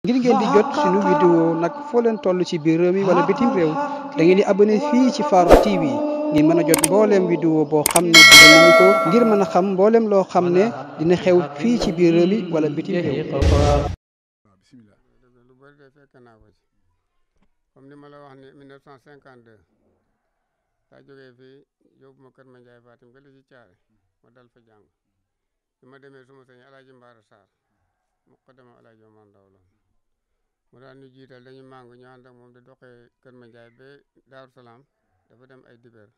ngir ngeen di jot suñu vidéo nag foo leen toll ci biir réew mi wala bitim réew da ngeen di abonné fii ci Farokh TV ngir mën a jot mbooleem vidéo boo xam ne dinañu ko xam mbooleem loo xam ne dina xew fii ci biir réew mi wala bitim réew bismillah lu bëri de fekk naa ni ma la wax ni 1952 laa jógee fii yóbbu ma ma Njaay Fatim gële ci ma dal fa jàng ma demee suma sëñ Alaaji ko demoo Alaaji Omar mu daan ñu jiital dañu màngu ñu ànd ak moom di doxee Kër Mandiaye ba Daaru Salaam dafa dem ay dibéer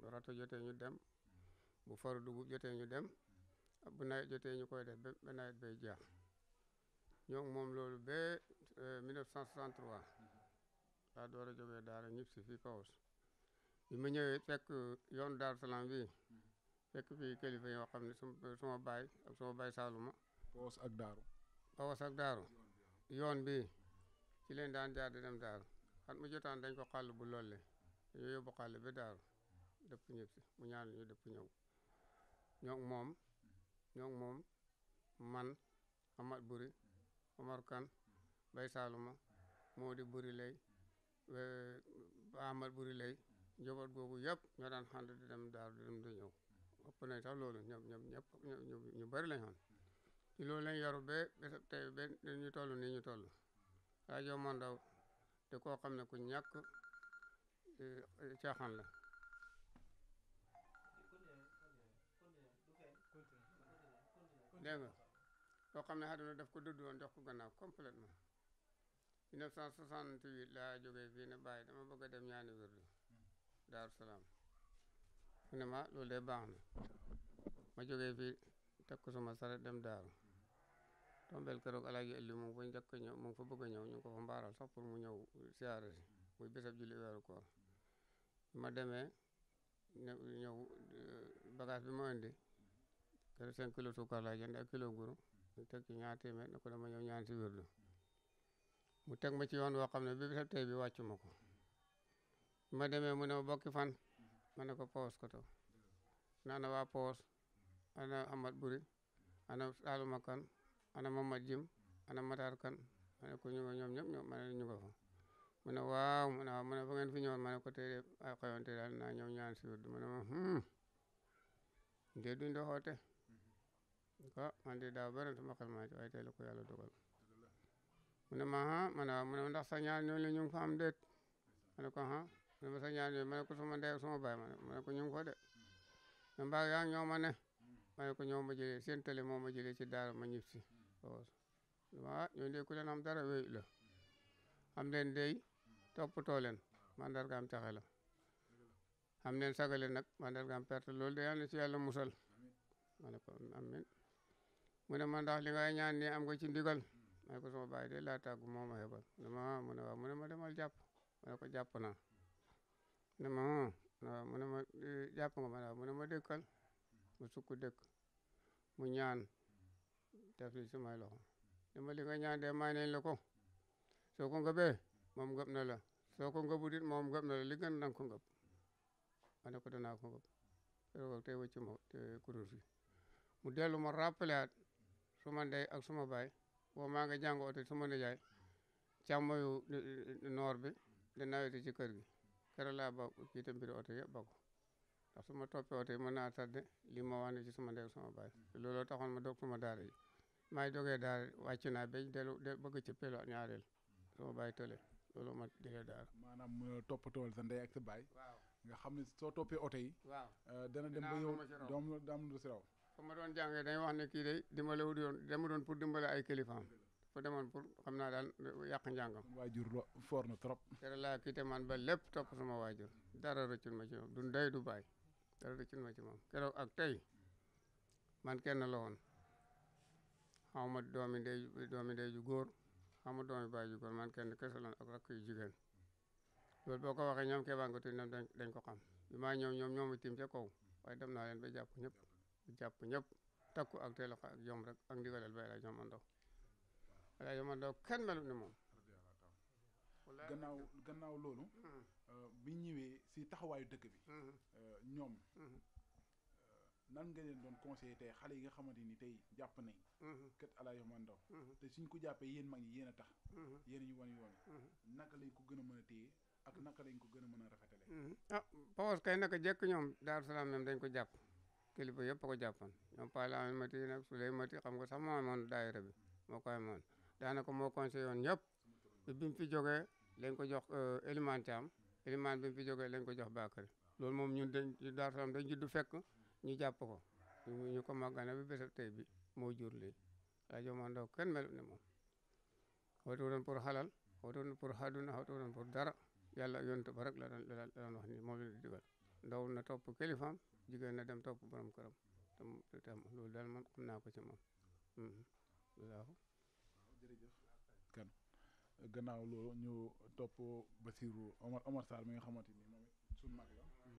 bu rato jotee ñu dem bu faru dugub jotee ñu dem bu nawet jotee ñu koy def ba nawet bay jeex ñoo moom loolu ba 1963 euh, laa door a jógee daara ñib si fii Paos bi ma ñëwee fekk yoon Daaru Salaam bii fekk fii kilifa yoo xam ne suma baay ak suma baay Saaluma Paos ak Daaru Paos ak Daaru yoon bi ci leen daan jaar di dem daaru at mu jotaan dañ ko xàll bu lolle dañoo yóbbu xàll ba daaru dëpp ñëpp si mu ñaan ñu dëpp ñëw ñoo moom ñoo moom man Amat Buri Omar Kan Bay Saaluma moo di Buri lay ba Amat Buri lay njaboot googu yëpp ñoo daan xànd di dem daaru di dem di ñëw ëpp nañ loolu ñoom ñu bari lañ xoon ci loolu lañ yaru ba bés tey ba ñu toll nii ñu toll rajo Mondaw te koo xam ne ku ñàkk caaxaan la dégg nga koo xam ne àdduna daf ko dëdd woon jox ko gannaaw complètement 1968 laa jógee fii ne bàyyi dama bëgg a dem ñaani wirdu Daaru Salaam mu ne ma loolu de baax na ma jógee fii teg ko sama saret dem daaru tombeel keroog alaaji ëlli moom fa njëkk a ñëw moom fa bëgg a ñëw ñu ngi ko fa mu ñëw siyaare si muy bésab julli weeru koor ma demee ñëw euh, bagage bi ma indi kër cinq kilo suukar laa jënd ak kilo guru ñu teg ci ñaar téeméer ne ko dama ñëw ñaan si wirdu mu teg ma ci yoon woo xam ne bi bésab tey bi wàccu ma ko ma mu ne ma bokki fan ma ne ko poos ko to naa na waa poos ana Amad Buri ana Saalu ana Mamad Jim ana Matar Kan ma ne ko ñu nga ñoom ñëpp ma ne ñu nga fa mu ne waaw mu ne waaw mu ne ba ngeen fi ñëwoon ma ne ko tey de ay ah, xewante daal naa ñëw ñaan si wirdu mu ne ma dee hmm, duñ doxoote ah man de daaw bëri na sama xel maa ci waaye tey la ko yàlla dogal mu ne ma ah ma ne waaw mu ne ndax sa ñaar ñooñu la ñu ngi fa am déet ma ne ko ah mu ne ma sa ñaar ñooñu ma ne ko sama ndey ak sama baay ma ne ko ñu ngi fa de ma mbaa yaa ngi ñoo ma ne ma ne ko ñoo ma jëlee seen tali moo ma jëlee ci daara ma ñib si soos ah ñooñu de ku leen am dara wéy la am dey toppatoo leen mandargaam caxe la am leen sagale nag mandargaam perte loolu de yàlla na ci yàlla musal ma ne ko amin mu ne ma ndax li ngay ñaan nii am nga ci ndigal ma ne ko sama de laa tàggu ma xebal mu ne ma ah, ma demal jàpp ma ne ko jàpp naa mu ma ah, waaw mu ne ma eh, jàpp nga ma ma dëkkal ma sukk dëkk mu ñaan tafli suma lo imali ka ñande mane lo ko so ko ngabe mom ngab na la so ko ngabudit mom ngab na la li gën nang ko ngab ana ko dana ko ngab pero te waccu mo te kudur fi mu delu ma rappelaat suma ndey ak suma baay boo maa nga jàngoo te suma nijaay càmmoyu noor bi di nawetu ci kër gi kër laa ba kii te mbiri oto yëpp ba ko ndax su ma toppee oto yi mën naa tardé lii ma wane ci suma ndey ak suma baay looloo taxoon ma dog suma daara yi maa ngi jógee daal wàcc naa bañ dellu de bëgg ci pelo ñaareel mm. sama bàyyi tële ma jógee daal. maanaam uh, toppatool sa ndey ak sa baay. waaw nga xam ne soo toppee oto yi. waaw uh, dana dem ba yow doom daam lu si raw. fa ma doon jàngee dañuy wax ne kii day dimbale wu doon dama doon pour dimbale ay kilifaam. fa demoon pour xam naa daal yàq njàngam. waajur la foor na trop. kere laa kiite man ba lépp topp sama waajur dara rëccul ma ci moom du ndey du baay dara rëccul ma ci moom ak tey man kenn la aw ma doomi ndey doomi ndey ju góor aw ma doomi baay ju góor man kenn kese la ak rakk yu jigéen loolu boo ko waxee ñoom keebaa nga tudd ñoom dañ ko xam bi maa ñëw ñoom ñoo ma tiim ca kaw waaye dem naa leen ba jàpp ñëpp jàpp ñëpp takku ak teel ak jom rek ak ndigalal bay la ñoom andaw wala ñoom andaw kenn melut ni moom. gannaaw loolu. Hmm. Euh, bi ñëwee si taxawaayu dëkk bi. Hmm. Euh, ñoom. Hmm. nan nga leen doon conseillé tey xale yi nga xamante ni tey jàpp nañ mhm. kët alaayo man mhm. ko jàppee yéen mag ñi yéen a tax mhm. yéen ñu wan yoon naka lañ ko gën a mën a téye ak naka lañ ko gën a mën a rafetale ah Pawos kay naka jekk ñoom Daaru Salaam ñoom dañ ko jàpp kilifa yëpp a ko jàppoon ñoom paalaam mati nag su lay mati xam nga sax moo amoon daayira bi moo ko amoon daanaka moo conseillé woon ñëpp bi mu fi jógee lañ ko jox élimanté am élimane bi mu fi jógee lañ ko jox Bakary loolu ñu jàpp ko ñu ko màggane ba bésab tey bi moo jur lii rajo man ndaw kenn melut ne moom xootu doon pour xalal xootu doon pour xaduna xootu doon pour dara yàlla yontu ba rek la doon la doon wax di digal ndaw na topp kilifaam jigéen na dem topp borom këram te te loolu daal man xam naa ko ci moom waaw mhm. jërëjëf kan gannaaw loolu ñu topp Omar Omar Sarr mi nga xamante ni moom it suñu mag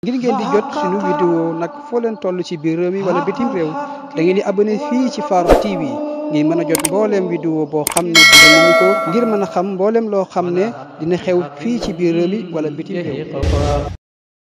ngir ngeen di jot suñu vidéo nag foo leen toll ci biir réew mi wala bitim réew da ngeen di abonné fii ci Farokh TV ngir mën a jot mbooleem vidéo boo xam ne dinañu ko ngir mën a xam mbooleem loo xam ne dina xew fii ci biir réew yi wala bitim réew